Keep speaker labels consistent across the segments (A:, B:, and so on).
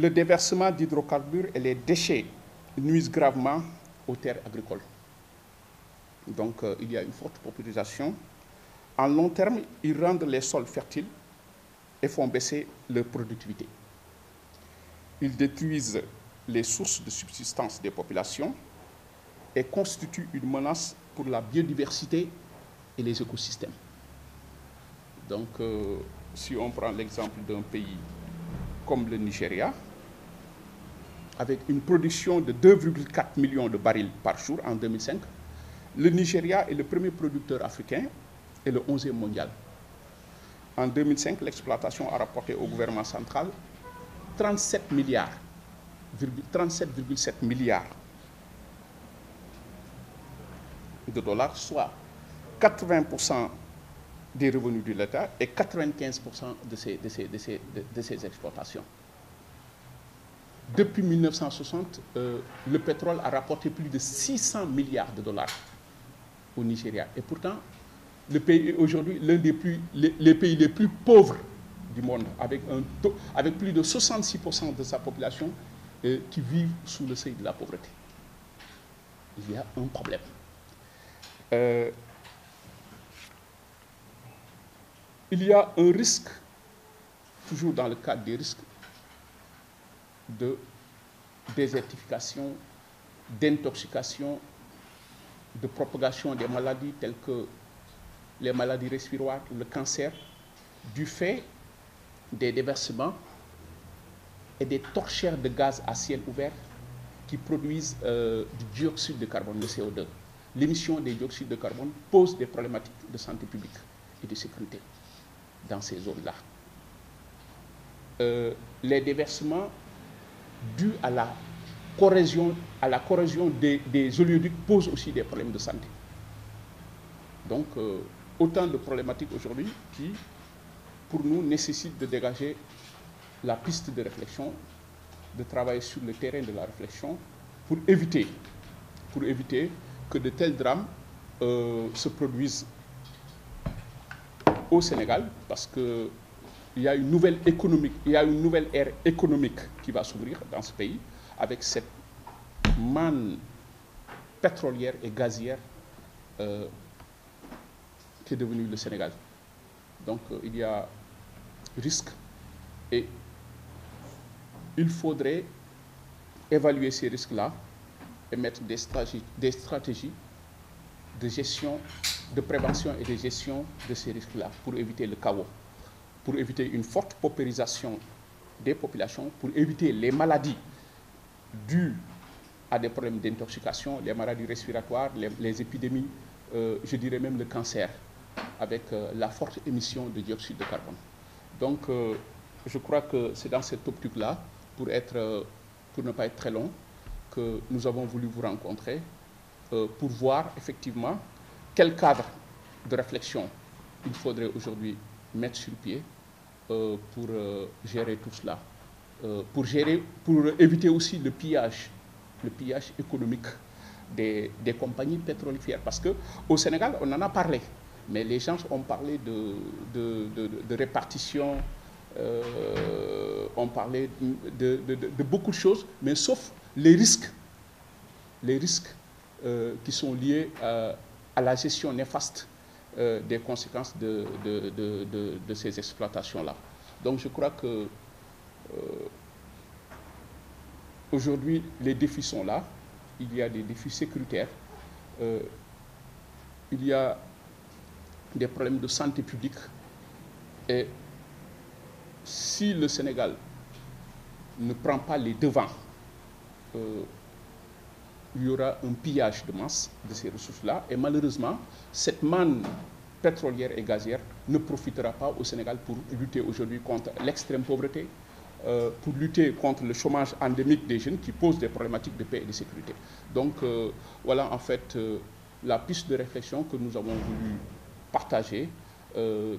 A: le déversement d'hydrocarbures et les déchets nuisent gravement aux terres agricoles. Donc euh, il y a une forte popularisation. En long terme, ils rendent les sols fertiles et font baisser leur productivité. Ils détruisent les sources de subsistance des populations et constituent une menace pour la biodiversité et les écosystèmes. Donc, euh, si on prend l'exemple d'un pays comme le Nigeria, avec une production de 2,4 millions de barils par jour en 2005, le Nigeria est le premier producteur africain et le 11e mondial. En 2005, l'exploitation a rapporté au gouvernement central 37 milliards, 37,7 milliards de dollars, soit 80% des revenus de l'État et 95% de de, de ses exploitations. Depuis 1960, euh, le pétrole a rapporté plus de 600 milliards de dollars au Nigeria. Et pourtant, le pays est aujourd'hui l'un des plus, les, pays les plus pauvres du monde, avec, un taux, avec plus de 66% de sa population euh, qui vivent sous le seuil de la pauvreté. Il y a un problème. Euh, il y a un risque, toujours dans le cadre des risques, de désertification, d'intoxication, de propagation des maladies telles que les maladies respiratoires, le cancer, du fait des déversements et des torchères de gaz à ciel ouvert qui produisent euh, du dioxyde de carbone, le CO2. L'émission des dioxydes de carbone pose des problématiques de santé publique et de sécurité dans ces zones-là. Euh, les déversements dû à la corrosion, à la corrosion des, des, oléoducs pose aussi des problèmes de santé. Donc, euh, autant de problématiques aujourd'hui qui, pour nous, nécessitent de dégager la piste de réflexion, de travailler sur le terrain de la réflexion pour éviter, pour éviter que de tels drames euh, se produisent au Sénégal, parce que il y a une nouvelle économique, il y a une nouvelle ère économique qui va s'ouvrir dans ce pays avec cette manne pétrolière et gazière euh, qui est devenue le Sénégal. Donc euh, il y a risque et il faudrait évaluer ces risques-là et mettre des stratégies, des stratégies de gestion, de prévention et de gestion de ces risques-là pour éviter le chaos pour éviter une forte paupérisation des populations, pour éviter les maladies dues à des problèmes d'intoxication, les maladies respiratoires, les, épidémies, euh, je dirais même le cancer, avec euh, la forte émission de dioxyde de carbone. Donc, euh, je crois que c'est dans cet optique-là, pour, être, pour ne pas être très long, que nous avons voulu vous rencontrer pour voir effectivement quel cadre de réflexion il faudrait aujourd'hui mettre sur pied euh, pour euh, gérer tout cela, euh, pour, gérer, pour éviter aussi le pillage, le pillage économique des, compagnies pétrolières. Parce qu'au Sénégal, on en a parlé, mais les gens ont parlé de, répartition, ont parlé de, beaucoup de choses, mais sauf les risques, les risques qui sont liés à la gestion néfaste euh, des conséquences de, ces exploitations-là. Donc je crois que euh, aujourd'hui, les défis sont là. Il y a des défis sécuritaires. Euh, il y a des problèmes de santé publique. Et si le Sénégal ne prend pas les devants il y aura un pillage de masse de ces ressources-là. Et malheureusement, cette manne pétrolière et gazière ne profitera pas au Sénégal pour lutter aujourd'hui contre l'extrême pauvreté, euh, pour lutter contre le chômage endémique des jeunes qui pose des problématiques de paix et de sécurité. Donc euh, voilà en fait euh, la piste de réflexion que nous avons voulu partager,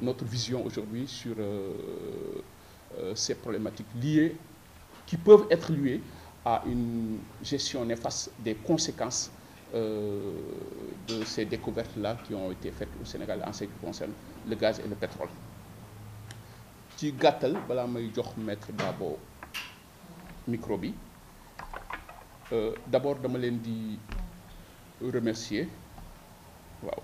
A: notre vision aujourd'hui sur ces problématiques liées, qui peuvent être liées à une gestion néfaste des conséquences euh, de ces découvertes-là qui ont été faites au Sénégal en ce qui concerne le gaz et le pétrole. ci gàttal balaa may jox maître Dabo micro Euh, d'abord je vais di remercier waaw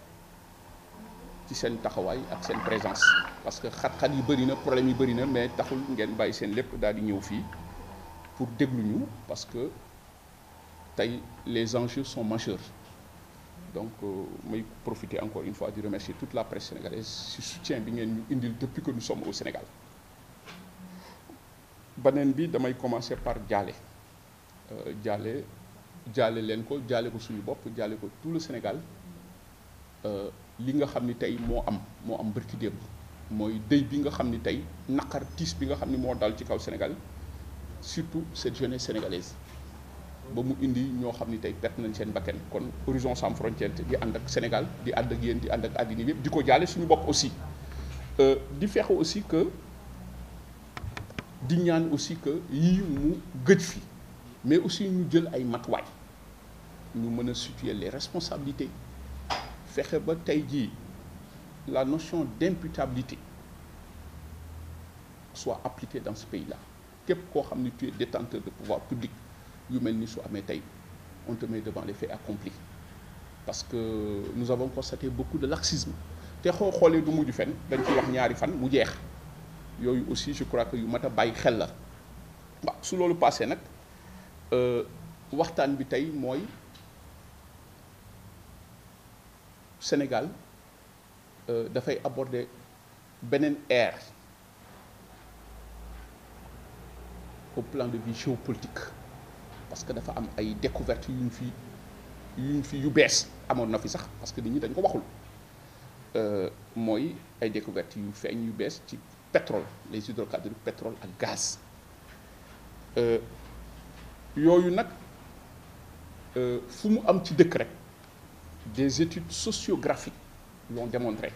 A: ci seen taxawaay ak sa présence parce que xat-xat yu problèmes, problème yu mais taxul avez des problèmes, lépp daal di pour déglu parce que les enjeux sont majeurs donc euh, may profiter encore une fois de remercier toute la presse sénégalaise ce soutien bi depuis que nous sommes au Sénégal beneen bi damay commencer par Djalé. Djalé, euh, Djalé leen ko jaale ko suñu tout le Sénégal euh, li nga vous savez tey moo am moo am bërki c'est mooy dëj bi nga xam ni tey bi Sénégal surtout cette jeunesse sénégalaise ba nous, indi que nous ni tey perte nañ seen bakkan kon horizon sans frontières, di ànd ak Sénégal di ànd ak yéen di ànd ak àddina bi yëpp di ko jaale suñu aussi euh, di aussi que di ñaan aussi que yii mu mais aussi nous jël ay matuwaay ñu Nous situer les responsabilités Faire ba tey que la notion d'imputabilité soit appliquée dans ce pays-là képp koo xam ne tu es détenteur de pouvoir public yu mel ni su amee tey on te met devant les faits accomplis parce que nous avons constaté beaucoup de laxisme te xoo xoolee du mujj fenn dañ ci wax ñaari fan mu jeex yooyu aussi je crois que yu mat a bàyyi xel la waaw su loolu passé nag euh, waxtaan bi tey mooy Sénégal euh, dafay aborder beneen Air. au plan de vue géopolitique parce que dafa am ay découvertes une une fi une fi yu na parce que nit ñi dañ ko waxul euh, mooy ay découverte une feeñ yu pétrole les hydrocarbures pétrole et gaz Il y a eu am ci décret des études sociographiques l'ont démontré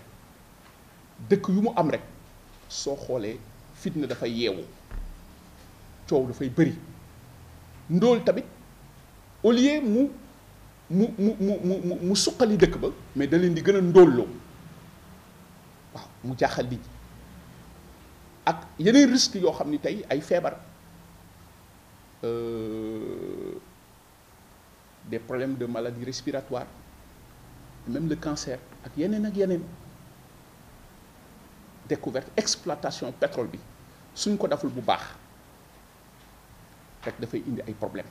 A: dëkk yu mu am rek soo xoolee fitna dafa yeewu coow dafay bëri ndóol tamit au lieu mu mu mu mu mu mu suqali dëkk ba mais da leen di gën a ndóolloo waaw mu jaaxal nit ak yeneen risque yoo xam ni tey ay feebar euh, des problèmes de maladies respiratoires même le cancer ak yeneen ak yeneen découverte exploitation pétrole bi suñ ko deful bu baax rek dafay indi ay problème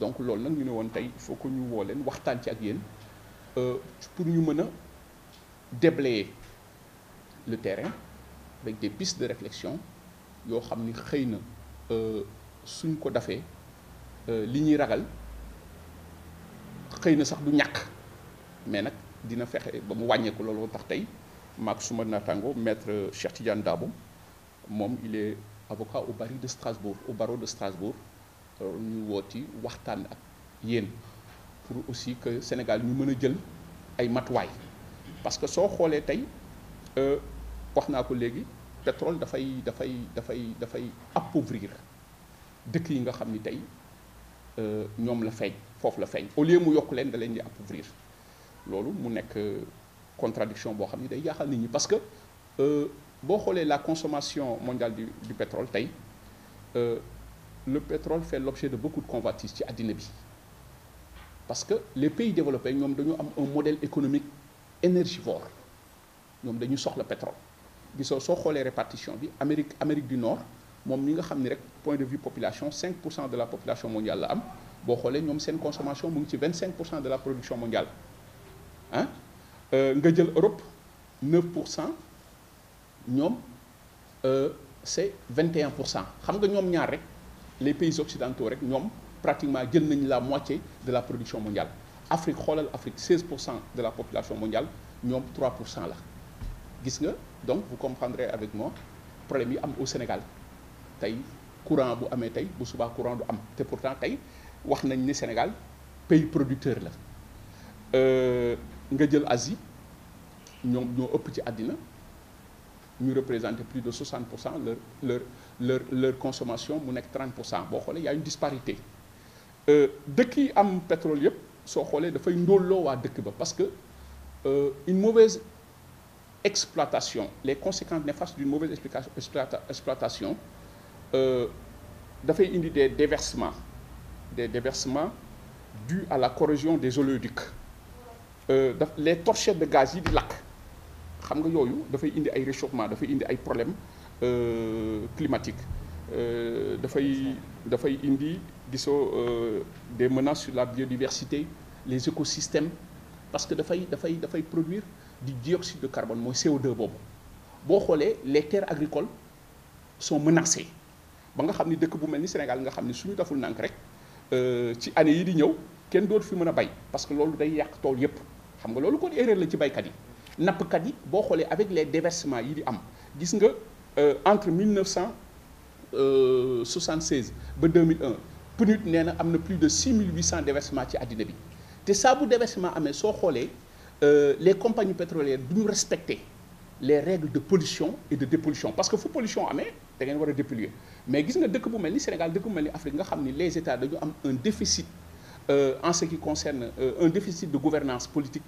A: donc loolu nag ñu ne woon tey il faut que ñu woo leen waxtaan ci ak yéen euh, pour ñu mën a déblayer le terrain avec des pistes de réflexion yoo xam ni xëy na euh, suñ ko dafee euh, li ñuy ragal xëy na sax du ñàkk mais nag dina fexe ba mu wàññeeku loolu tax tey maak suma naataango maître Cheikh Tidiane Dabo moom il est avocat au barreau de Strasbourg au barreau de Strasbourg ñu wooti waxtaan ak yéen pour aussi que Sénégal ñu mën a jël ay matuwaay parce que soo xoolee tey euh, wax naa ko léegi pétrole dafay dafay dafay dafay appauvrir dëkk yi nga xam ni tey euh, ñoom la feeñ foofu la feeñ au lieu mu yokk leen da leen di appauvrir loolu mu nekk euh, contradiction boo xam ni day yaaxal nit ñi parce que on la consommation mondiale du pétrole euh, le pétrole fait l'objet de beaucoup de convoitises à à parce que les pays développés ont un modèle économique énergivore Nous dañu le pétrole ils ont xoolee répartition Amérique Amérique du Nord point de vue population 5 de la population mondiale la consommation 25 de la production mondiale L'Europe hein? Europe 9 euh, c'est 21 les pays occidentaux rek pratiquement la moitié de la production mondiale Afrique Afrique 16 de la population mondiale ñom, 3 donc vous comprendrez avec moi le problème est au Sénégal Tay, courant bu amé tay, bu un courant du am te pourtant tay, wax nañ ni Sénégal pays producteur la euh, nga jël Asie ñom ñoo ëpp ci adina, nous plus de 60 leur leur leur consommation 30 il y a une disparité euh, De qui am pétrole il parce que euh, une mauvaise exploitation les conséquences néfastes d'une mauvaise exploitation euh, y une des déversements des déversements dus à la corrosion des oléoducs euh, les torchettes de gaz a di xam nga yooyu dafay indi ay réchauffement dafay indi ay problème euh, climatique euh, dafay dafay indi gisoo euh, des menaces sur la biodiversité les écosystèmes parce que dafay dafay dafay produire du dioxyde de carbone mooy CO2 boobu boo xoolee les terres agricoles sont menacées ba nga xam ni dëkk bu mel ni Sénégal nga xam ni suñu deful nànk rek euh, ci année yi di ñëw kenn dootu fi mën a bay parce que loolu day yàq tool yépp xam nga loolu kon erreur la ci baykat yi nappkat yi boo avec les déversements yi di am gis euh, entre 1976 et 2001 PNUD nee na plus de 6800 déversements à àddina bi ça, saa bu déversement si vous euh, les compagnies pétrolières doivent respecter les règles de pollution et de dépollution parce que la pollution vous da ngeen dépolluer mais gis nga que bu Sénégal l'Afrique, bu Afrique les États ont un déficit euh, en ce qui concerne un déficit de gouvernance politique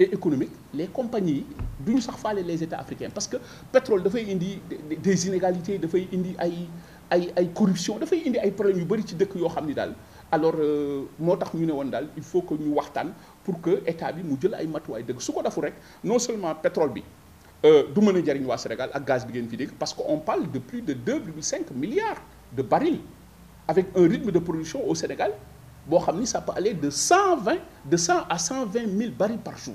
A: et économique les compagnies yi les états africains parce que pétrole y indi des inégalités il indi ay ay ay corruption dafay indi ay problèmes yu bëri ci alors euh, moo il faut que nous parlions pour que état bi mu jël ay matuwaay dëgg su non seulement pétrole bi euh, du Sénégal gaz bi parce qu'on parle de plus de 2,5 milliards de barils avec un rythme de production au Sénégal ça peut aller de 120 de 100 à 120 000 barils par jour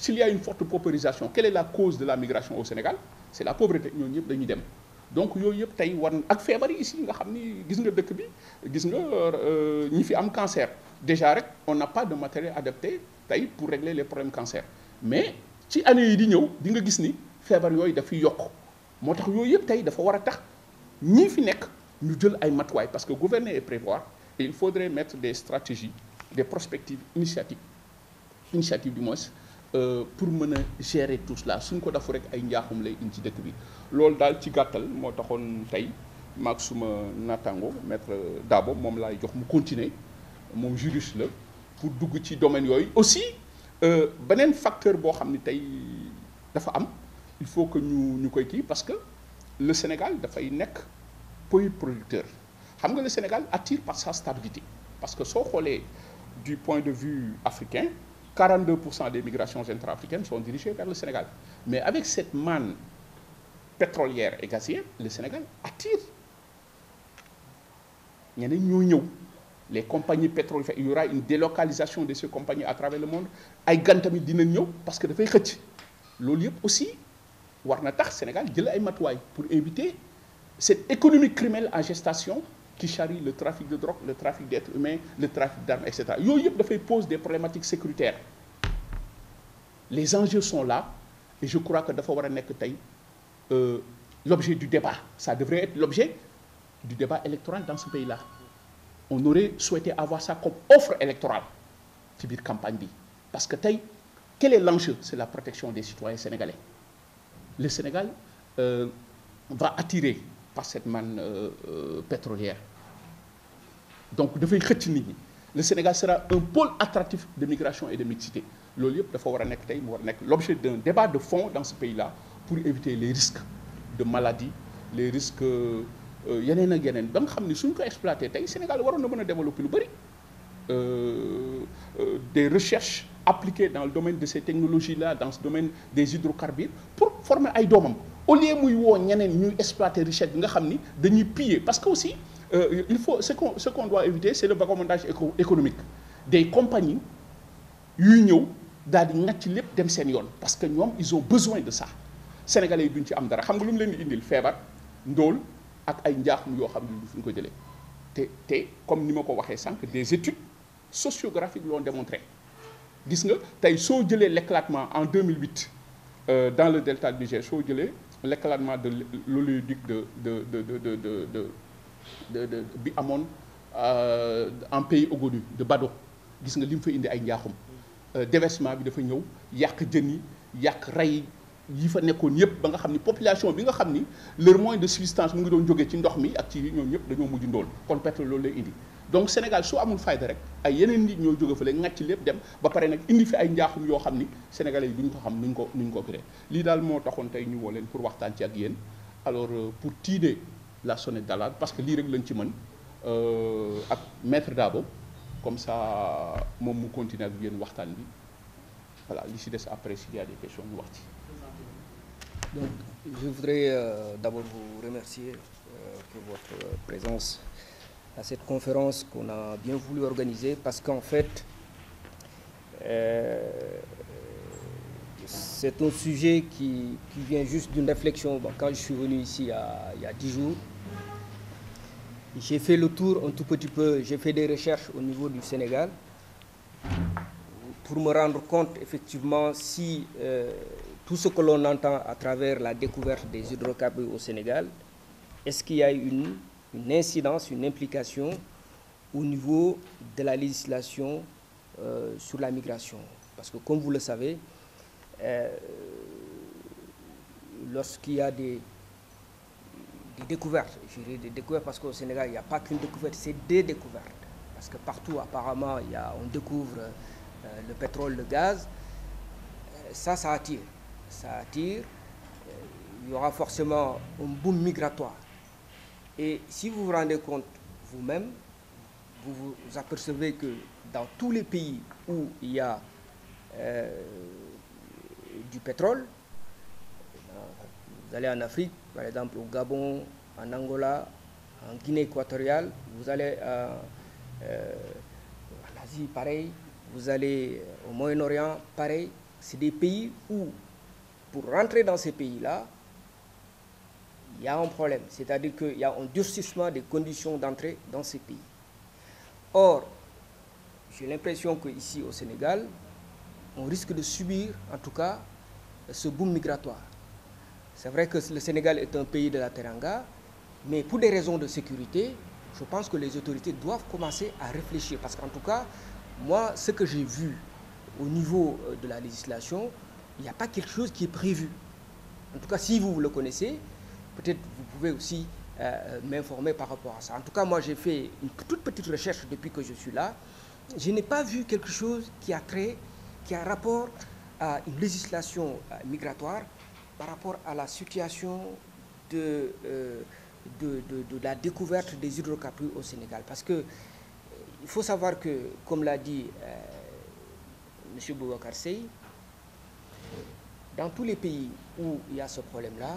A: s'il y a une forte paupérisation quelle est la cause de la migration au Sénégal c'est la pauvreté dem donc il y a des ak qui ici, si nga xam gis nga euh, cancer déjà on n'a pas de matériel adapté pour régler les problèmes cancer mais si on a di gens di nga gis ni février, il dafiy yokk moo tax yooyu yëpp dafa a tax ñii fi nous ñu jël ay parce que gouverner et prévoir il faudrait mettre des stratégies des prospectives initiatives initiatives du moins euh, pour mener gérer tout cela suñ ko dafu rek ay njaaxum lay indi ci dëkk bi loolu dal ci gattal mo taxone tay maag suma naataango maître Dabo mom lay jox mu continuer mom juriste la pour dugg ci domaine yoy aussi euh, benen facteur bo xamni tay dafa am il faut que ñu ñukoy ki parce que le Sénégal fay nek pays producteur xam nga le Sénégal attire par sa stabilité parce que so xolé du point de vue africain 42% des migrations intra-africaines sont dirigées vers le Sénégal. Mais avec cette manne pétrolière et gazière, le Sénégal attire. Il y en a une les compagnies pétrolières, il y aura une délocalisation de ces compagnies à travers le monde. Ay vont parce que dafay xëcc loolu aussi Warnatak, Sénégal jël ay pour éviter cette économie criminelle en gestation qui charrie le trafic de drogue le trafic d'êtres humains le trafic d'armes etc. y pose des problématiques sécuritaires les enjeux sont là et je crois que faut euh, l'objet du débat ça devrait être l'objet du débat électoral dans ce pays-là on aurait souhaité avoir ça comme offre électorale Tibir parce que quel est l'enjeu c'est la protection des citoyens sénégalais le Sénégal euh, va attirer par cette manne euh, pétrolière donc de fait, le Sénégal sera un pôle attractif de migration et de mixité l'objet d'un débat de fond dans ce pays-là pour éviter les risques de maladies, les risques euh, Yenen ak Yenen. ba nga nous ne exploité le Sénégal waroon na a développer euh, euh, des recherches appliquées dans le domaine de ces technologies-là dans ce domaine des hydrocarbures pour former un doomam au lieu de nous exploiter richesse richesses, nga piller parce que aussi euh, il faut, ce qu'on qu doit éviter, c'est le vagabondage éco économique. Des compagnies, union, parce que nous, ils ont besoin de ça. Les Sénégalais, ils ont besoin de ça. Vous savez, ils ont feebar, ndol, ak ay njaaxum yoo xam ne du fi ko jëlee te te comme ni ma dit, des études sociographiques l'ont démontré gis nga tey soo jëlee l'éclatement en 2008 euh, dans le delta du Niger soo jëlee l'éclatement de l'oléoduc de de de de de de de de bi euh, en pays ogonu de Bado gis nga lim fa indi ay njaaxum euh, déversement bi dafa ñew yak jëni yak yi fa population bi nga xam leur moyen de subsistance mu ngi doon jógee ci ndox mi ak ci ñëpp dañoo kon pétrole donc Sénégal soit amul fayda rek ay yeneen nit ñoo jóge fële ngàcc lépp indi fi ay njaaxum yoo xam sénégalais yi duñ ko xam ko nuñ ko pour waxtaan ci alors euh, pour la sonnette d'alarme parce que lii rek mettre ci euh, comme ça mon mou continue à bien voilà li si des après s'il y a des questions nous Donc,
B: je voudrais euh, d'abord vous remercier euh, pour votre présence à cette conférence qu'on a bien voulu organiser parce qu'en fait, euh, c'est un sujet qui, qui vient juste d'une réflexion. quand je suis venu ici il y a, il y a 10 jours, j'ai fait le tour un tout petit peu, j'ai fait des recherches au niveau du Sénégal pour me rendre compte effectivement si euh, tout ce que l'on entend à travers la découverte des hydrocarbures au Sénégal, est-ce qu'il y a une, incidence, une implication au niveau de la législation euh, sur la migration Parce que comme vous le savez, euh, lorsqu'il y a des, des découvertes. Je dis des découvertes parce qu'au Sénégal, il n'y a pas qu'une découverte, c'est des découvertes. Parce que partout, apparemment, il y on découvre euh, le pétrole, le gaz. Euh, ça, ça attire. Ça attire. Euh, il y aura forcément un boom migratoire. Et si vous vous rendez compte vous-même, vous vous apercevez que dans tous les pays où il y a du pétrole, vous allez en Afrique, par exemple au Gabon, en Angola, en Guinée équatoriale, vous allez euh, euh, en Asie, pareil, vous allez au Moyen-Orient, pareil. C'est des pays où, pour rentrer dans ces pays-là, il y a un problème. C'est-à-dire qu'il y a un durcissement des conditions d'entrée dans ces pays. Or, j'ai l'impression qu'ici au Sénégal, on risque de subir, en tout cas, ce boom migratoire. C'est vrai que le Sénégal est un pays de la Teranga, mais pour des raisons de sécurité, je pense que les autorités doivent commencer à réfléchir. Parce qu'en tout cas, moi, ce que j'ai vu au niveau euh, de la législation, il n'y a pas quelque chose qui est prévu. En tout cas, si vous le connaissez, peut-être vous pouvez aussi euh, euh, m'informer par rapport à ça. En tout cas, moi, j'ai fait une toute petite recherche depuis que je suis là. Je n'ai pas vu quelque chose qui a trait, qui a rapport à une législation migratoire par rapport à la situation de, euh, de, la découverte des hydrocarbures au Sénégal. Parce que euh, il faut savoir que, comme l'a dit euh, M. Boubacar Sey, dans tous les pays où il y a ce problème-là,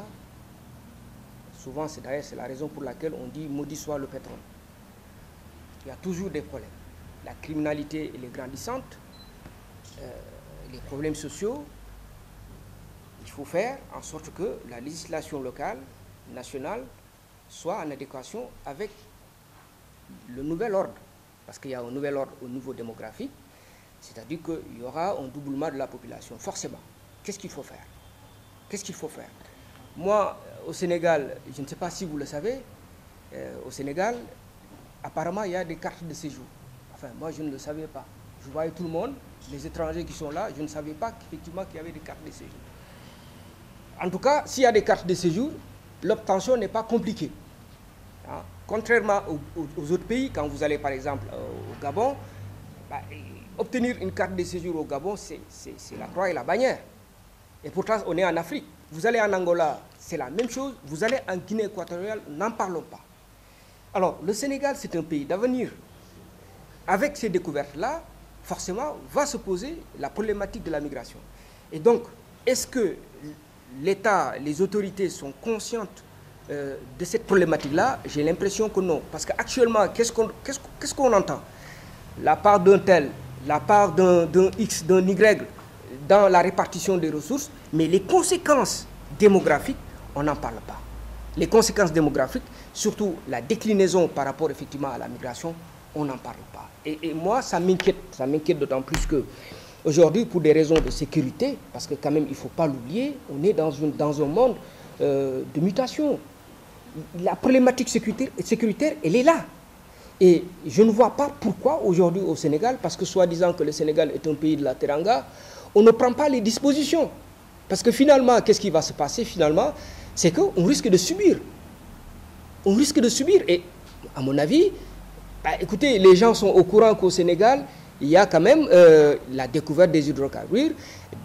B: souvent c'est d'ailleurs la raison pour laquelle on dit maudit soit le pétrole. Il y a toujours des problèmes. La criminalité est grandissante, les problèmes sociaux, il faut faire en sorte que la législation locale, nationale, soit en adéquation avec le nouvel ordre. Parce qu'il y a un nouvel ordre au niveau démographique, c'est-à-dire qu'il y aura un doublement de la population, forcément. Qu'est-ce qu'il faut faire Qu'est-ce qu'il faut faire Moi, euh, au Sénégal, je ne sais pas si vous le savez, euh, au Sénégal, apparemment, il y a des cartes de séjour. Enfin, moi, je ne le savais pas. Je voyais tout le monde, les étrangers qui sont là, je ne savais pas qu'effectivement qu'il y avait des cartes de séjour. En tout cas, s'il y a des cartes de séjour, l'obtention n'est pas compliquée. Ah, contrairement aux, autres pays, quand vous allez par exemple euh, au Gabon, bah, obtenir une carte de séjour au Gabon, c'est la croix et la bannière. Et pourtant, on est en Afrique. Vous allez en Angola, c'est la même chose. Vous allez en Guinée équatoriale, n'en parlons pas. Alors, le Sénégal, c'est un pays d'avenir. Avec ces découvertes-là, forcément, va se poser la problématique de la migration. Et donc, est-ce que l'État, les autorités sont conscientes euh, de cette problématique-là J'ai l'impression que non. Parce qu'actuellement, qu'est-ce qu'on entend La part d'un tel, la part d'un X, d'un Y dans la répartition des ressources, mais les conséquences démographiques, on n'en parle pas. Les conséquences démographiques, surtout la déclinaison par rapport effectivement à la migration, on n'en parle pas. Et, et, moi, ça m'inquiète, ça m'inquiète d'autant plus que Aujourd'hui, pour des raisons de sécurité, parce que quand même, il ne faut pas l'oublier, on est dans, une, dans un monde euh, de mutation. La problématique sécuritaire, elle est là. Et je ne vois pas pourquoi aujourd'hui au Sénégal, parce que soi-disant que le Sénégal est un pays de la Teranga, on ne prend pas les dispositions. Parce que finalement, qu'est-ce qui va se passer finalement C'est qu'on risque de subir. On risque de subir. Et à mon avis, bah, écoutez, les gens sont au courant qu'au Sénégal, il y a quand même euh, la découverte des hydrocarbures.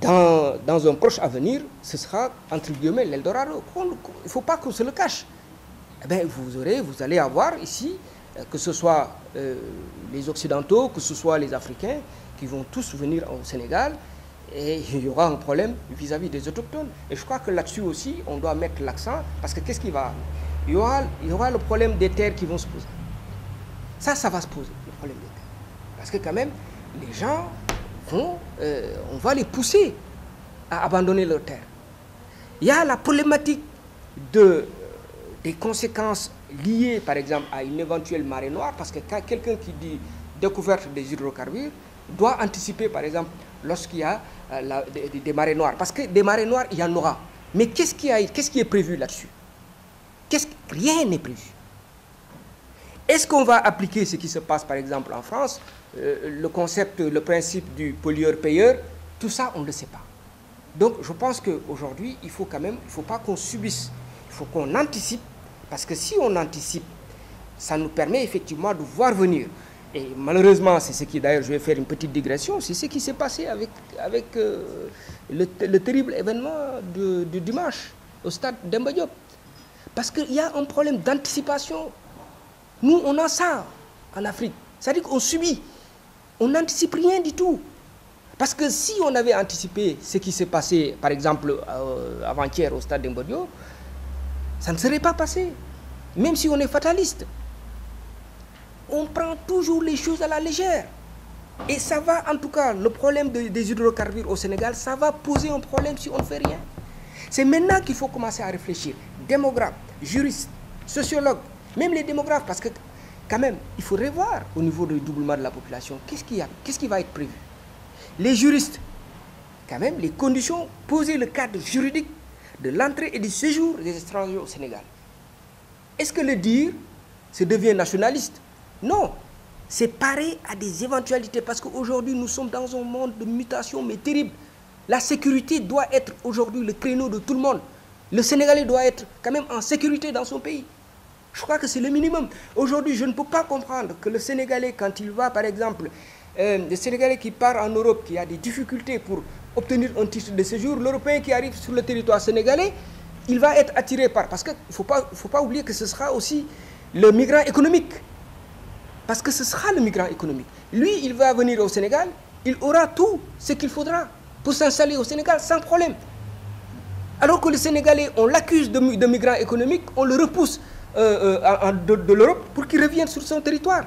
B: Dans, un proche avenir, ce sera, entre guillemets, l'Eldorado. Il ne faut pas qu'on se le cache. Eh bien, vous, aurez, vous allez avoir ici, euh, que ce soit euh, les Occidentaux, que ce soit les Africains, qui vont tous venir au Sénégal, et il y aura un problème vis-à-vis des autochtones. Et je crois que là-dessus aussi, on doit mettre l'accent, parce que qu'est-ce qui va y, aura, il y aura le problème des terres qui vont se poser. Ça, ça va se poser, le problème des terres. Parce que quand même, les gens vont, euh, on va les pousser à abandonner leur terre. Il y a la problématique de, euh, des conséquences liées, par exemple, à une éventuelle marée noire, parce que quelqu'un qui dit découverte des hydrocarbures doit anticiper, par exemple, lorsqu'il y a euh, des, marées noires. Parce que des marées noires, il y en aura. Mais qu'est-ce qui, qui, est prévu là-dessus Rien n'est prévu. Est-ce qu'on va appliquer ce qui se passe par exemple en France, euh, le concept, le principe du pollueur-payeur Tout ça, on ne le sait pas. Donc je pense qu'aujourd'hui, il faut quand même, il ne faut pas qu'on subisse, il faut qu'on anticipe, parce que si on anticipe, ça nous permet effectivement de voir venir. Et malheureusement, c'est ce qui, d'ailleurs, je vais faire une petite digression, c'est ce qui s'est passé avec, avec euh, le, terrible événement de, dimanche au stade d'Embadiop. Parce qu'il y a un problème d'anticipation nous, on a ça en Afrique. C'est-à-dire qu'on subit. On n'anticipe rien du tout. Parce que si on avait anticipé ce qui s'est passé, par exemple, euh, avant-hier au stade d'Embodio, ça ne serait pas passé. Même si on est fataliste. On prend toujours les choses à la légère. Et ça va, en tout cas, le problème des hydrocarbures au Sénégal, ça va poser un problème si on ne fait rien. C'est maintenant qu'il faut commencer à réfléchir. Démographe, juriste, sociologue, même les démographes, parce que quand même, il faut revoir au niveau du doublement de la population. Qu'est-ce qu'il a Qu'est-ce qui va être prévu Les juristes, quand même, les conditions, poser le cadre juridique de l'entrée et du séjour des étrangers au Sénégal. Est-ce que le dire, se devient nationaliste Non, c'est pareil à des éventualités parce qu'aujourd'hui nous sommes dans un monde de mutation mais terrible. La sécurité doit être aujourd'hui le créneau de tout le monde. Le Sénégalais doit être quand même en sécurité dans son pays. Je crois que c'est le minimum. Aujourd'hui, je ne peux pas comprendre que le Sénégalais, quand il va, par exemple, euh, le Sénégalais qui part en Europe, qui a des difficultés pour obtenir un titre de séjour, l'Européen qui arrive sur le territoire sénégalais, il va être attiré par... Parce qu'il ne faut pas, faut pas oublier que ce sera aussi le migrant économique. Parce que ce sera le migrant économique. Lui, il va venir au Sénégal, il aura tout ce qu'il faudra pour s'installer au Sénégal sans problème. Alors que le Sénégalais, on l'accuse de, de migrant économique, on le repousse euh, euh de, l'Europe pour qu'ils reviennent sur son territoire.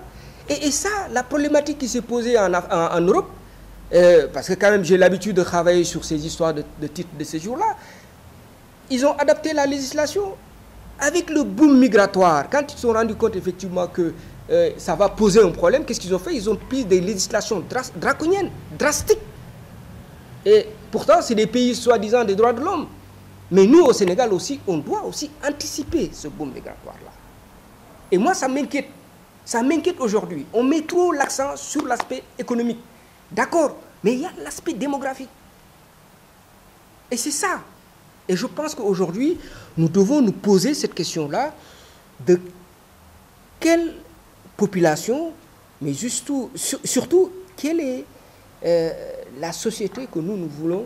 B: Et, ça, la problématique qui s'est posée en, en, Europe, euh, parce que quand même j'ai l'habitude de travailler sur ces histoires de, de titres de séjour-là, ils ont adapté la législation avec le boom migratoire. Quand ils se sont rendus compte effectivement que euh, ça va poser un problème, qu'est-ce qu'ils ont fait Ils ont pris des législations draconiennes, drastiques. Et pourtant, c'est des pays soi-disant des droits de l'homme. Mais nous, au Sénégal aussi, on doit aussi anticiper ce boom migratoire-là. Et moi, ça m'inquiète. Ça m'inquiète aujourd'hui. On met trop l'accent sur l'aspect économique. D'accord, mais il y a l'aspect démographique. Et c'est ça. Et je pense qu'aujourd'hui, nous devons nous poser cette question-là de quelle population, mais juste, surtout, quelle est euh, la société que nous, nous voulons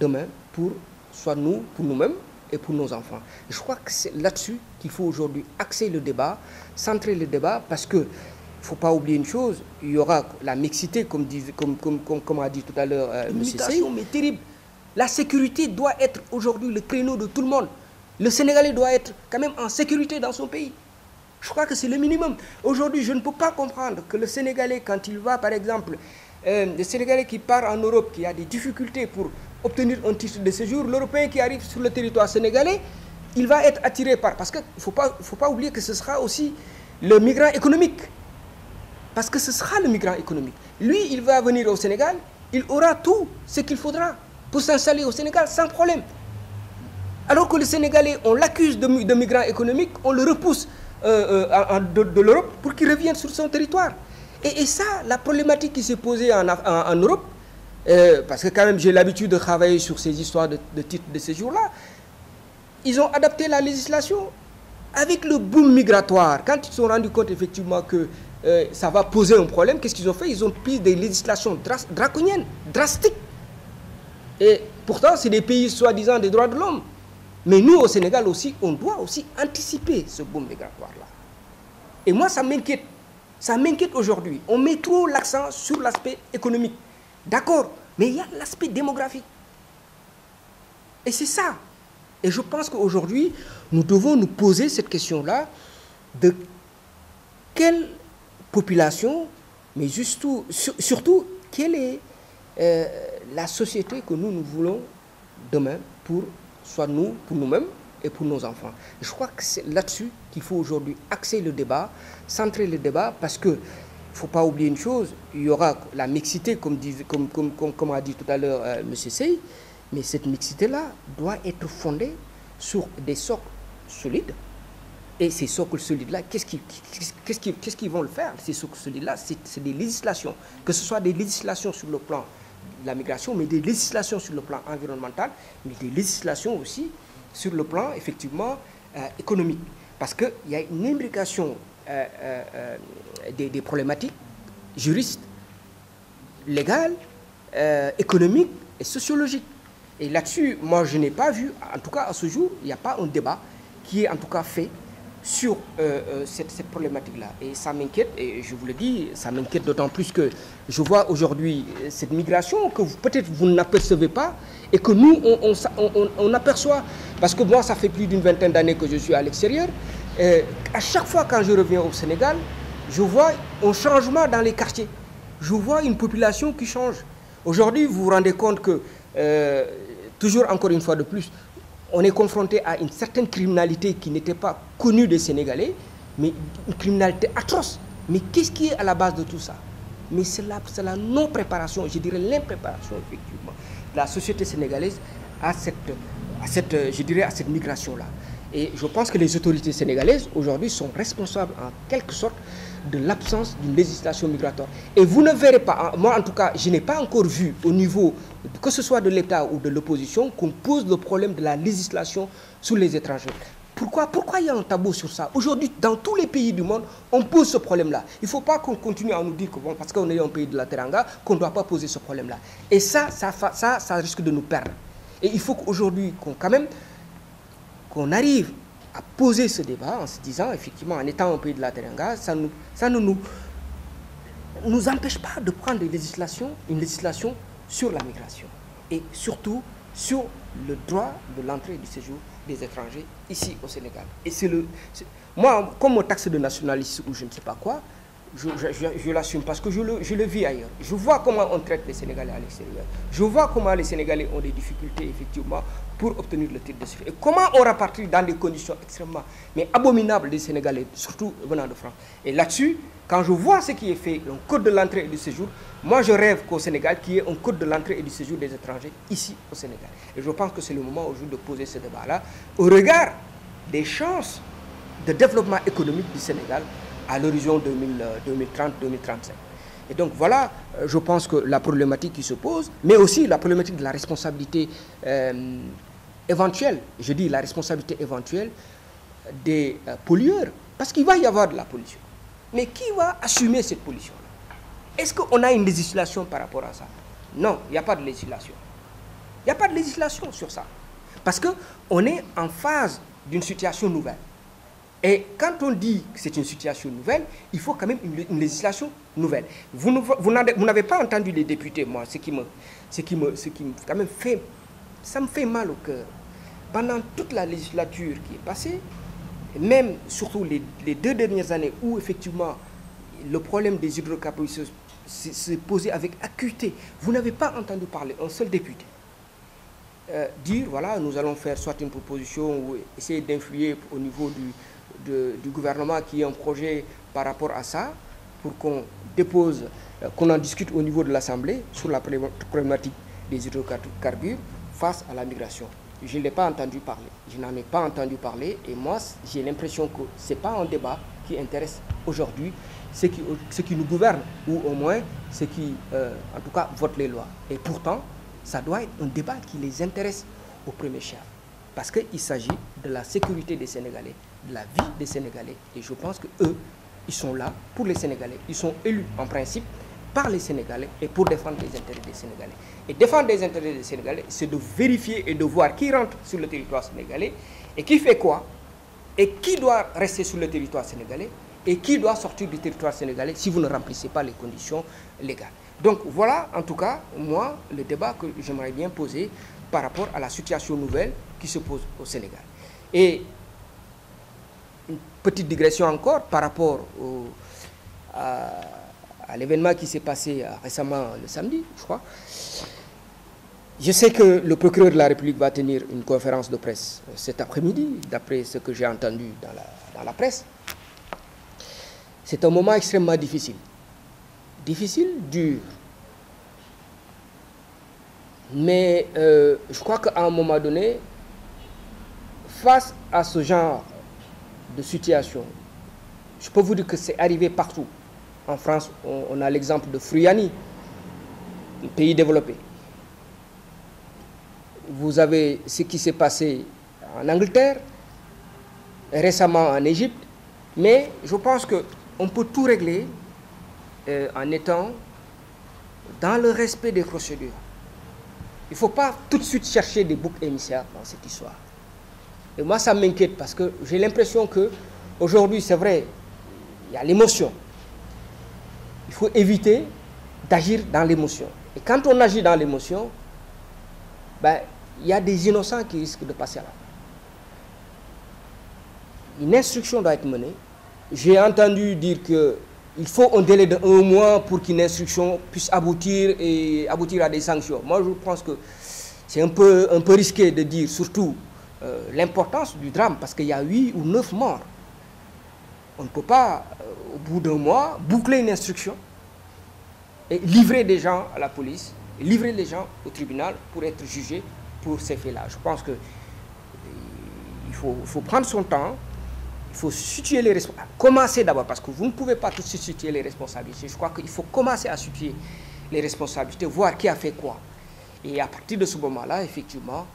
B: demain pour soit nous, pour nous-mêmes et pour nos enfants. Je crois que c'est là-dessus qu'il faut aujourd'hui axer le débat, centrer le débat, parce que ne faut pas oublier une chose, il y aura la mixité, comme, a dit tout à l'heure M. Euh, mutation, mais terrible. La sécurité doit être aujourd'hui le créneau de tout le monde. Le Sénégalais doit être quand même en sécurité dans son pays. Je crois que c'est le minimum. Aujourd'hui, je ne peux pas comprendre que le Sénégalais, quand il va, par exemple, euh, le Sénégalais qui part en Europe, qui a des difficultés pour obtenir un titre de séjour, l'Européen qui arrive sur le territoire sénégalais, il va être attiré par... Parce qu'il ne faut pas, faut pas oublier que ce sera aussi le migrant économique. Parce que ce sera le migrant économique. Lui, il va venir au Sénégal, il aura tout ce qu'il faudra pour s'installer au Sénégal sans problème. Alors que le Sénégalais, on l'accuse de, migrant économique, on le repousse euh, euh, de, l'Europe pour qu'il revienne sur son territoire. Et, ça, la problématique qui s'est posée en Europe, euh, parce que quand même j'ai l'habitude de travailler sur ces histoires de, de titres de séjour-là, ils ont adapté la législation avec le boom migratoire. Quand ils se sont rendus compte effectivement que euh, ça va poser un problème, qu'est-ce qu'ils ont fait Ils ont pris des législations draconiennes, drastiques. Et pourtant, c'est des pays soi-disant des droits de l'homme. Mais nous, au Sénégal aussi, on doit aussi anticiper ce boom migratoire-là. Et moi, ça m'inquiète. Ça m'inquiète aujourd'hui. On met trop l'accent sur l'aspect économique. D'accord, mais il y a l'aspect démographique. Et c'est ça. Et je pense qu'aujourd'hui, nous devons nous poser cette question-là de quelle population, mais surtout, quelle est euh, la société que nous, nous voulons demain pour soit nous, pour nous-mêmes et pour nos enfants. Je crois que c'est là-dessus qu'il faut aujourd'hui axer le débat, centrer le débat, parce que ne faut pas oublier une chose, il y aura la mixité, comme, comme, a dit tout à l'heure euh, M. Sey, mais cette mixité-là doit être fondée sur des socles solides. Et ces socles solides-là, qu'est-ce qu'ils vont le faire Ces socles solides-là, c'est des législations, que ce soit des législations sur le plan de la migration, mais des législations sur le plan environnemental, mais des législations aussi sur le plan, effectivement, euh, économique. Parce qu'il y a une imbrication euh, euh, euh, des, problématiques juristes, légales, économiques et sociologiques. Et là-dessus, moi, je n'ai pas vu, en tout cas à ce jour, il n'y a pas un débat qui est en tout cas fait sur cette, problématique-là. Et ça m'inquiète, et je vous le dis, ça m'inquiète d'autant plus que je vois aujourd'hui cette migration que peut-être vous, n'apercevez pas et que nous, on, aperçoit. Parce que moi, ça fait plus d'une vingtaine d'années que je suis à l'extérieur à chaque fois quand je reviens au Sénégal, je vois un changement dans les quartiers. Je vois une population qui change. Aujourd'hui, vous vous rendez compte que, euh, toujours encore une fois de plus, on est confronté à une certaine criminalité qui n'était pas connue des Sénégalais, mais une criminalité atroce. Mais qu'est-ce qui est à la base de tout ça Mais c'est la, non-préparation, je dirais l'impréparation, effectivement. de La société sénégalaise cette, à cette, je dirais, à cette migration-là. Et je pense que les autorités sénégalaises, aujourd'hui, sont responsables en quelque sorte de l'absence d'une législation migratoire. Et vous ne verrez pas, moi en tout cas, je n'ai pas encore vu au niveau, que ce soit de l'État ou de l'opposition, qu'on pose le problème de la législation sur les étrangers. Pourquoi, pourquoi il y a un tabou sur ça Aujourd'hui, dans tous les pays du monde, on pose ce problème-là. Il ne faut pas qu'on continue à nous dire que bon, parce qu'on est un pays de la Teranga, qu'on ne doit pas poser ce problème-là. Et ça ça, ça, ça risque de nous perdre. Et il faut qu'aujourd'hui, qu'on quand même, on arrive à poser ce débat en se disant, effectivement, en étant un pays de la Teranga, ça, nous, ça ne nous, empêche pas de prendre une législation, une législation sur la migration et surtout sur le droit de l'entrée et du séjour des étrangers ici au Sénégal. Et c'est le. Moi, comme au taxe de nationaliste ou je ne sais pas quoi, je, l'assume parce que je le, vis ailleurs. Je vois comment on traite les Sénégalais à l'extérieur. Je vois comment les Sénégalais ont des difficultés, effectivement, pour obtenir le titre de séjour. Et comment on rapatrie dans des conditions extrêmement, mais abominables des Sénégalais, surtout venant de France. Et là-dessus, quand je vois ce qui est fait, le code de l'entrée et du séjour, moi je rêve qu'au Sénégal, qu'il y ait un code de l'entrée et du séjour des étrangers ici au Sénégal. Et je pense que c'est le moment aujourd'hui de poser ce débat-là au regard des chances de développement économique du Sénégal à l'horizon 2030-2035. Euh, Et donc voilà, euh, je pense que la problématique qui se pose, mais aussi la problématique de la responsabilité euh, éventuelle, je dis la responsabilité éventuelle des pollueurs, parce qu'il va y avoir de la pollution. Mais qui va assumer cette pollution-là Est-ce qu'on a une législation par rapport à ça Non, il n'y a pas de législation. Il n'y a pas de législation sur ça. Parce qu'on est en phase d'une situation nouvelle. Et quand on dit que c'est une situation nouvelle, il faut quand même une, législation nouvelle. Vous, n'avez pas entendu les députés, moi, ce qui me, ce qui me, ce qui quand même fait, ça me fait mal au cœur. Pendant toute la législature qui est passée, même surtout les, deux dernières années où effectivement le problème des hydrocarbures s'est posé avec acuité, vous n'avez pas entendu parler un seul député. Euh, dire voilà nous allons faire soit une proposition ou essayer d'influer au niveau du, du gouvernement qui a un projet par rapport à ça, pour qu'on dépose, euh, qu'on en discute au niveau de l'Assemblée sur la problématique des hydrocarbures face à la migration. Je ne pas entendu parler. Je n'en ai pas entendu parler. Et moi, j'ai l'impression que ce n'est pas un débat qui intéresse aujourd'hui ceux qui, nous gouvernent, ou au moins ceux qui, euh, en tout cas, votent les lois. Et pourtant, ça doit être un débat qui les intéresse au premier chef. Parce qu'il s'agit de la sécurité des Sénégalais, la vie des Sénégalais. Et je pense que eux, ils sont là pour les Sénégalais. Ils sont élus en principe par les Sénégalais et pour défendre les intérêts des Sénégalais. Et défendre les intérêts des Sénégalais, c'est de vérifier et de voir qui rentre sur le territoire sénégalais et qui fait quoi et qui doit rester sur le territoire sénégalais et qui doit sortir du territoire sénégalais si vous ne remplissez pas les conditions légales. Donc voilà en tout cas, moi, le débat que j'aimerais bien poser par rapport à la situation nouvelle qui se pose au Sénégal. Et une petite digression encore par rapport à, l'événement qui s'est passé euh, récemment le samedi, je crois. Je sais que le procureur de la République va tenir une conférence de presse euh, cet après-midi, d'après ce que j'ai entendu dans la, presse. C'est un moment extrêmement difficile. Difficile, dur. Mais euh, je crois qu'à un moment donné, face à ce genre de situation. Je peux vous dire que c'est arrivé partout. En France, on, a l'exemple de Fruyani, un pays développé. Vous avez ce qui s'est passé en Angleterre, récemment en Égypte, mais je pense qu'on peut tout régler euh, en étant dans le respect des procédures. Il ne faut pas tout de suite chercher des boucs émissaires dans cette histoire. Et moi, ça m'inquiète parce que j'ai l'impression que aujourd'hui, c'est vrai, il y a l'émotion. Il faut éviter d'agir dans l'émotion. Et quand on agit dans l'émotion, ben, il y a des innocents qui risquent de passer à Une instruction doit être menée. J'ai entendu dire qu'il faut un délai de un mois pour qu'une instruction puisse aboutir et aboutir à des sanctions. Moi, je pense que c'est un peu, un peu risqué de dire, surtout euh, l'importance du drame, parce qu'il y a huit ou neuf morts. On ne peut pas, euh, au bout d'un mois, boucler une instruction et livrer des gens à la police, livrer les gens au tribunal pour être jugés pour ces faits-là. Je pense que euh, il faut, prendre son temps, il faut situer les responsabilités. Commencer d'abord, parce que vous ne pouvez pas tout situer les responsabilités. Je crois qu'il faut commencer à situer les responsabilités, voir qui a fait quoi. Et à partir de ce moment-là, effectivement,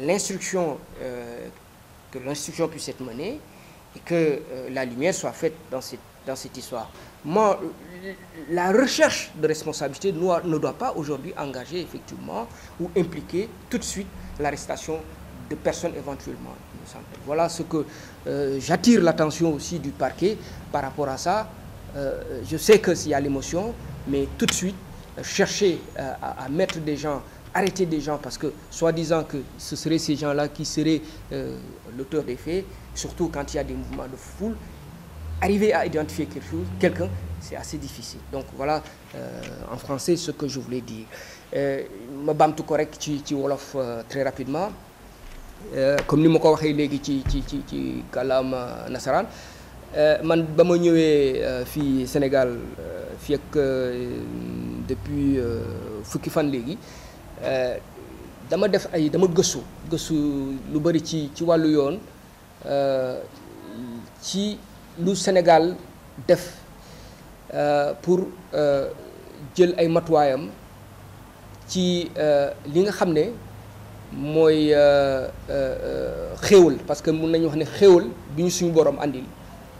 B: l'instruction, euh, que l'instruction puisse être menée et que euh, la lumière soit faite dans cette, dans cette histoire. Moi, euh, la recherche de responsabilité ne doit pas aujourd'hui engager effectivement ou impliquer tout de suite l'arrestation de personnes éventuellement Voilà ce que j'attire l'attention aussi du parquet par rapport à ça. je sais qu'il y a l'émotion, mais tout de suite, chercher à, à mettre des gens arrêter des gens parce que, soi-disant que ce seraient ces gens-là qui seraient euh, l'auteur des faits, surtout quand il y a des mouvements de foule, arriver à identifier quelqu'un, c'est assez difficile. Donc voilà euh, en français ce que je voulais dire. Euh, ma vais tout correct, ci ci wolof très rapidement comme ni ma ko waxee ci ci ci suis kàllaama nasaraan man Sénégal depuis fukki fan Euh, dama def ay dama gëstu gëstu lu bari ci ci wàllu yoon euh, ci lu Sénégal def euh, pour jël ay matuwaayam ci li nga xam ne mooy xéewal parce que mun nañu wax ne xéewal bi ñu suñu boroom àndil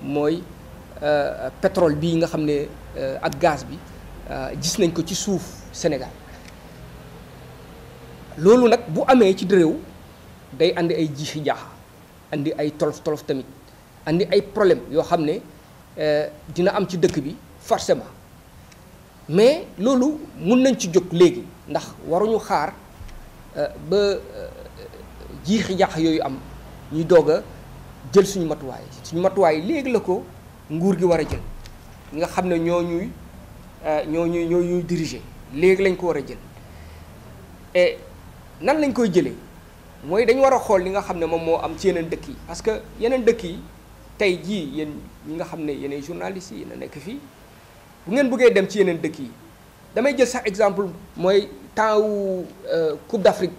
B: mooy pétrole bii nga xam ne ak gaz bi gis nañ ko ci suuf Sénégal loolu nag bu amee ci réew day andi ay jiixi jaaxa andi ay tolof tolof tamit andi ay problème yoo xam ne euh, dina am ci dëkk bi forcément mais loolu mun nañ ci jóg léegi ndax waruñu xaar euh, ba euh, jiixi jaaxa yooyu am ñu doog a jël suñu matuwaay suñu matuwaay léegi la ko nguur gi war a jël nga xam ne ñoo ñuy ñoo ñuy ñoo ñuy diriger léegi lañ ko war a jël. nan lañ koy jëlee mooy dañu war a xool li nga xam ne moom moo am ci yeneen dëkk yi parce que yeneen dëkk yi tey jii yéen ñi nga xam ne yeneen journalistes yi yéen a nekk fii bu ngeen bëggee dem ci yeneen dëkk yi damay jël sax exemple mooy temps wu euh, Coupe d'Afrique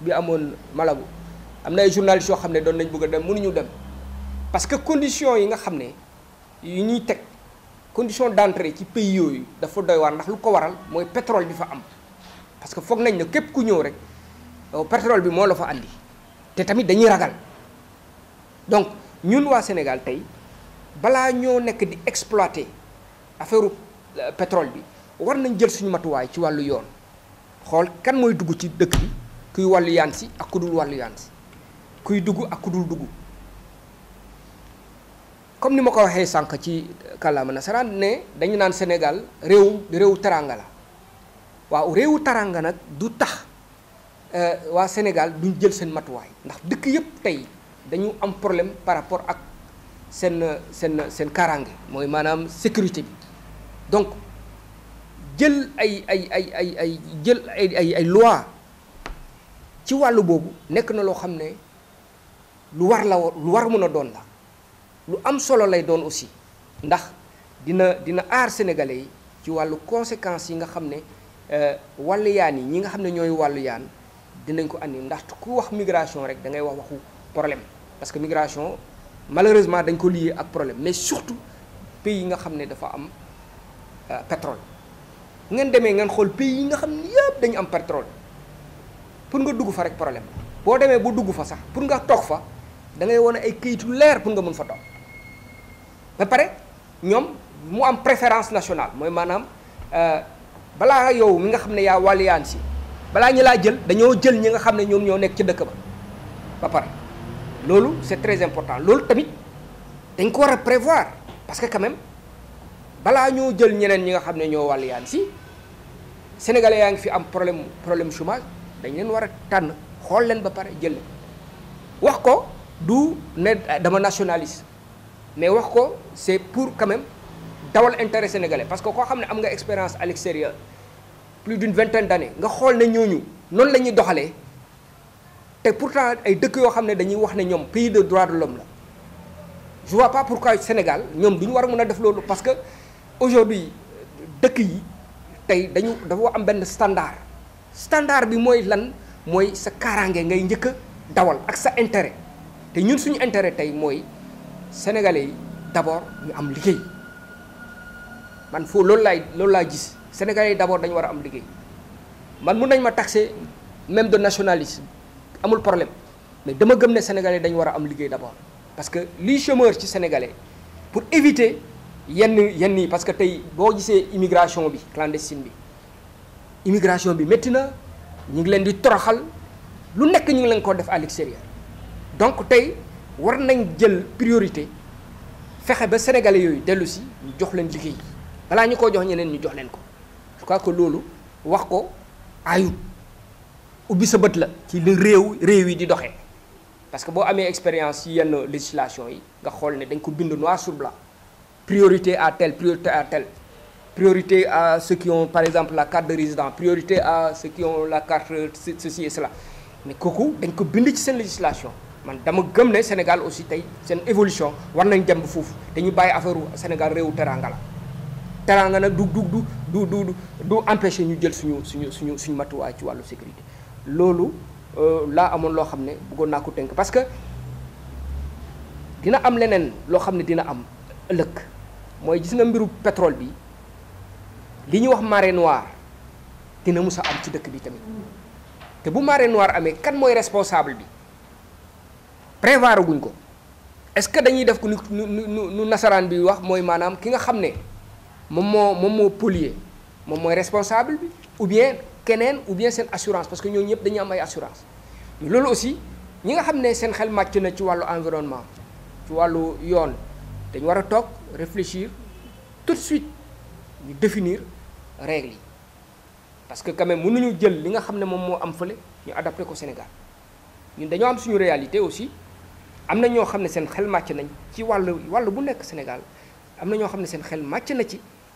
B: bi amoon Malabo am na ay journalistes yoo xam ne doon nañ bëgg a dem mënuñu dem parce que condition yi nga xam ne yu ñuy teg condition d'entrée ci pays yooyu dafa doy waar ndax lu ko waral mooy pétrole bi fa am parce que foog nañ ne képp ku ñëw rek pétrole bi moo la fa andi te tamit dañuy ragal donc ñun waa Sénégal tey balaa ñoo nekk di exploiter affaire pétrole bi war nañ jël suñu matuwaay ci wàllu yoon xool kenn mooy dugg ci dëkk bi kuy wàllu yaan si ak ku dul wàllu yaan si kuy dugg ak ku dul dugg comme ni ma ko waxee sànq ci na nasaraan ne dañu naan Sénégal réew réewu teranga la wa rew taranga nak du tax euh, wa senegal duñ jël sen matuway ndax dëkk yëpp tay dañu am problème par rapport ak sen sen sen karange moy manam sécurité bi donc jël ay ay ay ay ay jël ay ay ay loi ci walu bobu nek na lo xamné lu war la lu war mëna doon la lu am solo lay doon aussi ndax dina dina ar sénégalais ci walu conséquences yi nga xamné ne Eh, wàllu yaan yi ñi nga xamne ñoy ñooy yaan dinañ ko andi ndax ku wax migration rek da ngay wax waxu problème parce que migration malheureusement dañ ko lié ak problème mais surtout pays yi nga xamne dafa am euh, pétrole ngeen démé ngeen xol pays yi nga xamne yépp dañ am pétrole pour nga dugg fa rek problème bo démé bu dugg fa sax pour nga tok fa da ngay wone ay keuyitu lèr pour nga mën fa tok ba pare ñom mu am préférence nationale manam euh bala yow mi nga xamne ya walian ci bala balaa ñu laa jël dañu jël ñi nga xamne ñom ñoo nek ci dëkk ba ba par lolu c'est très important lolu tamit dañ ko wara prévoir parce que quand même bala ñu jël ñeneen ñi nga xamne ñoo walian ci sénégalais yaa fi am problème problème chômage dañ leen wara a xol leen ba par jël wax ko du ne dama nationaliste mais wax ko c'est pour quand même dawal intérêt sénégalais parce que koo xam ne am nga expérience à l'extérieur plus vingt vingtaine d'années nga xool ne ñooñu noonu la ñuy doxalee te pour pourtant ay dëkk yoo xam ne dañuy wax ne ñoom pays de droit de l'homme la je vois pas pourquoi Sénégal ñoom du ñu war a mën a def loolu parce que aujourd'hui dëkk yi tey dañu dafa am benn standard standard bi mooy lan mooy sa kaaraange ngay njëkk a dawal ak sa intérêt te ñun suñu intérêt tey mooy sénégalais yi d'abord ñu am liggéey man foo loolu laay loolu laa gis sénégalais d'abord dañ wara am liguey man mën nañ ma taxer même de nationalisme amul problème mais dama gëm né sénégalais dañ wara am liguey d'abord parce que li chômeur ci sénégalais pour éviter yenn yenn yi parce que tey boo gisee immigration bi clandestine bi immigration bi métti na ñu ngi leen di toroxal lu nekk ñu ngi leen ko def à l'extérieur donc tey war nañ jël priorité fexe ba sénégalais yooyu dellu si ñu jox leen liggéey ñuko jox ñeneen ñu jox leen ko je crois que lolu wax ko ayut ubbi sa beut la ci le rew rew yi di doxé parce que à amé expérience ci yenn législation yi nga xol né dañ ko bind noir sur blanc priorité à tel priorité à tel priorité à ceux qui ont par exemple la carte de résident priorité à ceux qui ont la carte ceci et cela mais koku dañ ko bind ci sen législation man dama gëm né Sénégal aussi tay une évolution war nañ dem foofu dañu bàyyi affaireu Sénégal réewu teranga teraanga nag du du du du du du empêcher ñu jël suñu suñu suñu suñu matuwaay ci wàllu sécurité loolu euh, laa amoon loo xam ne buggoon naa ko tënk parce que dina am leneen loo xam ne dina am ëllëg mooy gis nga mbiru pétrole bi li ñuy wax marée dina mus a am ci dëkk bi tamit te bu marée noire amee kan mooy responsable bi prévoir guñ ko est-ce que dañuy def ko nu nu nu nasaraan bi wax mooy maanaam ki nga xam ne. moom moo moom moo polluer moom mooy responsable ou bien keneen ou bien seen assurance parce que ñooñu ñëpp dañu am ay assurance loolu aussi ñi nga xam ne seen xel màcc na ci wàllu environnement ci wàllu yoon dañu war a réfléchir tout de suite ñu définir règles parce que quand même mënuñu jël li nga xam ne moom moo am fële ñu adapté ko Sénégal ñun dañoo am suñu réalité aussi am na ñoo xam ne seen xel màcc nañ ci wàllu wàllu bu nekk Sénégal am na ñoo xam ne seen xel màcc na ci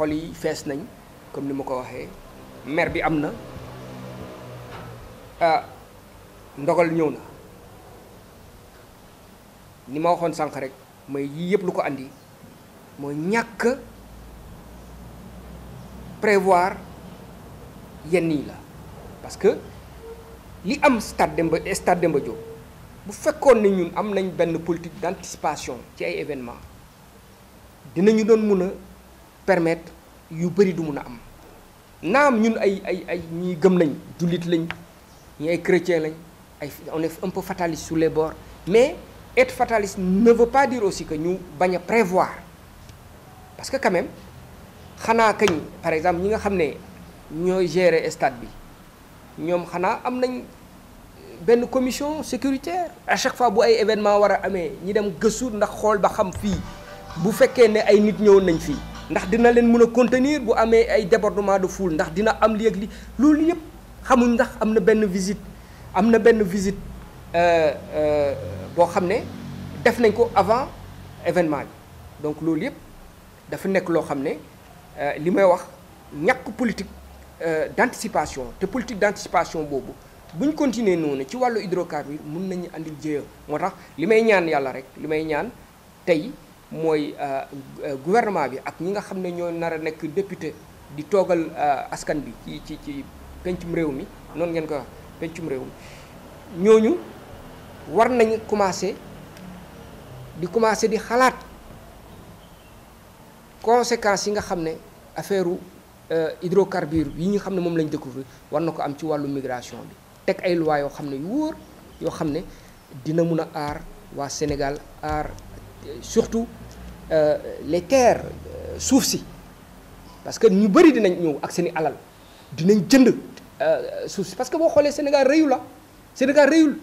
B: xol yi fees nañ comme ni ma ko waxee mer bi am na ah ndogal ñëw na ni ma waxoon sànq rek mooy yii yëpp lu ko andi mooy ñàkk prévoir yenn yi la parce que li am stade Demba stade bu fekkoon ne ñun am nañ benn politique d'anticipation ci ay événements dinañu doon mun a. permettre de faire des choses. Nous sommes on est un peu fataliste sur les bords mais être fataliste ne veut pas dire aussi que nous devons prévoir parce que quand même par exemple nous avons stade Nous avons une commission sécuritaire à chaque fois bu événement a ñi dem ndax ndax dina len mën contenir bu amé ay débordement de foule ndax dina am li ak li loolu yëpp xamuñ ndax amna benn visite amna na benn visite euh, euh bo xamné def nañ ko avant événement bi donc loolu yëpp dafa nekk loo xam ne euh, li may wax ñàkk politique euh, d' anticipation te politique d' anticipation boobu bu ñu continuer noonu ci wàllu hydrocarbure mun nañu andil jéeya moo tax li may ñaan yàlla rek li may ñaan tey mooy euh, euh, gouvernement bi ak ñi nga xam ne ñoo nar a nekk député di toogal euh, askan bi ci ci pencum réew mi noonu ngeen koy wax pencum réew mi ñooñu war nañ commencé di commencé di xalaat conséquences yi nga xam ne affaire hydrocarbure yi ñu xam ne moom lañ découvrir war na ko am ci wàllu migration bi teg ay lois yoo xam ne yu wóor yoo xam ne dina mun a aar waa Sénégal aar surtout Euh, les terres euh, suuf si parce que ñu bari dinañ ñëw ak seen alal dinañ jënd euh si parce que bo xolé Sénégal réyu la Sénégal réyul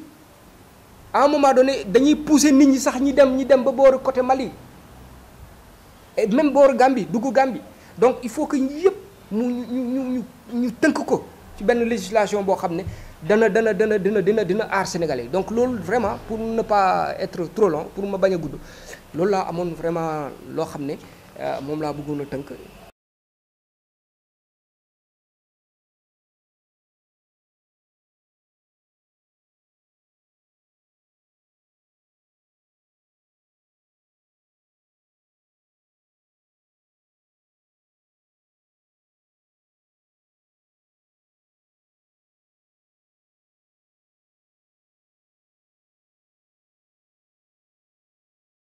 B: à un moment donné dañuy pousser nit ñi sax ñi dem ñi dem ba booru côté Mali et même bor Gambie dugg Gambie donc il faut que yëpp ñu ñu ñu ñu tënk ko ci ben législation bo xamné ne dana dana dana dina dina dina aar Sénégalais donc lool vraiment pour ne pas être trop long pour ma baña a gudd. loolu laa amoon vraiment loo xam ne euh, moom laa bëggoon a tënk